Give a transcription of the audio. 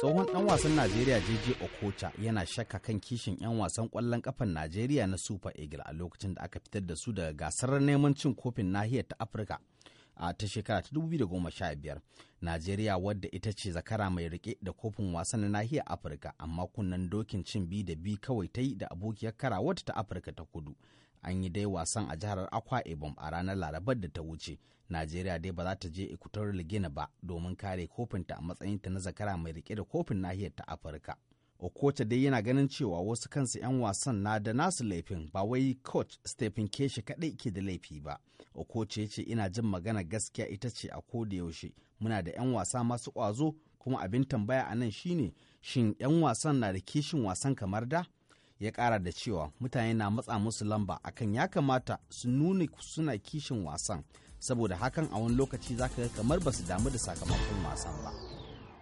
tsohon ɗan wasan najeriya J.J okocha yana shakka kan kishin 'yan wasan kwallon ƙafan najeriya na super eagle a lokacin da aka fitar da su daga gasar neman cin kofin nahiyar ta afirka a ta shekara ta 2015 najeriya wadda ita ce zakara mai rike da kofin wasan na nahiyar afirka amma kunnen dokin cin bi da bi kawai ta yi da abokiyar karawata ta afirka ta kudu an yi dai wasan a jihar akwa ibom a ranar larabar da ta wuce najeriya dai ba za ta je equatorial guinea ba domin kare kofinta a matsayin ta na zakara mai rike da kofin nahiyar ta afirka okocha dai yana ganin cewa wasu kansu 'yan wasan na da nasu laifin ba wai coach stephen keshi kadai ke da laifi ba okocha ya ce ina jin magana gaskiya ita ce a ko da yaushe muna da 'yan wasa masu kwazo kuma abin tambaya a nan shine shin 'yan wasan na da kishin wasan kamar da ya ƙara da cewa mutane na matsa musu lamba akan ya kamata su nuna suna kishin wasan saboda hakan a wani lokaci zaka ga kamar ba su damu da sakamakon wasan ba.